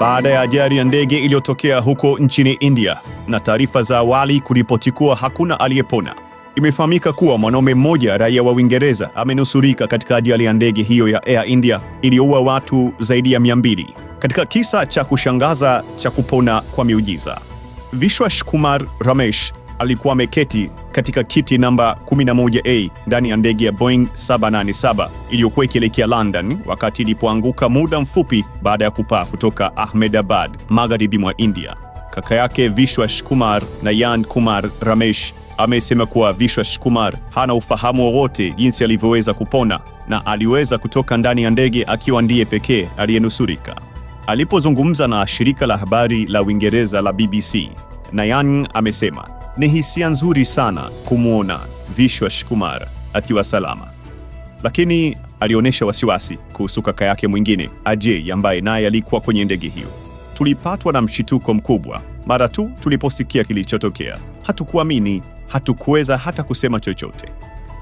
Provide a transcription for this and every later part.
baada ya ajali ya ndege iliyotokea huko nchini India na taarifa za awali kuripoti kuwa hakuna aliyepona. Imefahamika kuwa mwanaume mmoja raia wa Uingereza amenusurika katika ajali ya ndege hiyo ya Air India iliyoua watu zaidi ya 200 katika kisa cha kushangaza cha kupona kwa miujiza. Vishwash Kumar Ramesh alikuwa ameketi katika kiti namba 11A ndani ya ndege ya Boeing 787 iliyokuwa ikielekea London wakati ilipoanguka muda mfupi baada ya kupaa kutoka Ahmedabad, magharibi mwa India. Kaka yake Vishwash Kumar na Yan Kumar Ramesh amesema kuwa Vishwash Kumar hana ufahamu wowote jinsi alivyoweza kupona na aliweza kutoka ndani ya ndege akiwa ndiye pekee aliyenusurika. Alipozungumza na shirika la habari la Uingereza la BBC, Nayan amesema ni hisia nzuri sana kumwona vishwa shkumar akiwa salama, lakini alionyesha wasiwasi kuhusu kaka yake mwingine Ajay ambaye naye alikuwa kwenye ndege hiyo. Tulipatwa na mshituko mkubwa mara tu tuliposikia kilichotokea. Hatukuamini, hatukuweza hata kusema chochote.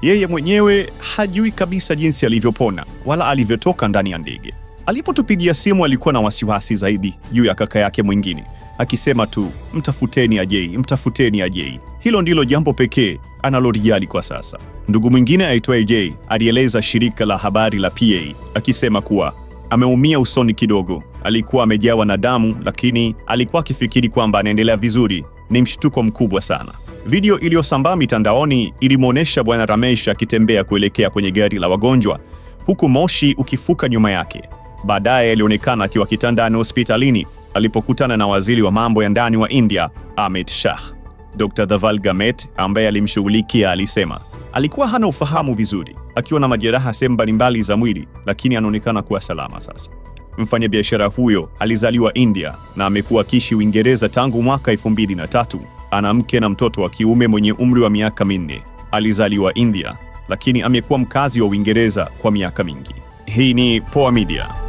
Yeye mwenyewe hajui kabisa jinsi alivyopona wala alivyotoka ndani ya ndege. Alipotupigia simu alikuwa na wasiwasi zaidi juu ya kaka yake mwingine, akisema tu mtafuteni Ajei, mtafuteni Ajei. Hilo ndilo jambo pekee analolijali kwa sasa. Ndugu mwingine aitwaye Ajei alieleza shirika la habari la PA akisema kuwa ameumia usoni kidogo, alikuwa amejawa na damu, lakini alikuwa akifikiri kwamba anaendelea vizuri. Ni mshtuko mkubwa sana. Video iliyosambaa mitandaoni ilimwonyesha Bwana Ramesh akitembea kuelekea kwenye gari la wagonjwa huku moshi ukifuka nyuma yake. Baadaye alionekana akiwa kitandani hospitalini alipokutana na waziri wa mambo ya ndani wa India, Amit Shah. Dr. Dhaval Gamet ambaye alimshughulikia alisema alikuwa hana ufahamu vizuri, akiwa na majeraha sehemu mbalimbali za mwili, lakini anaonekana kuwa salama sasa. Mfanyabiashara huyo alizaliwa India na amekuwa akiishi Uingereza tangu mwaka 2003. Ana mke na mtoto wa kiume mwenye umri wa miaka minne. Alizaliwa India, lakini amekuwa mkazi wa Uingereza kwa miaka mingi. Hii ni Poa Media.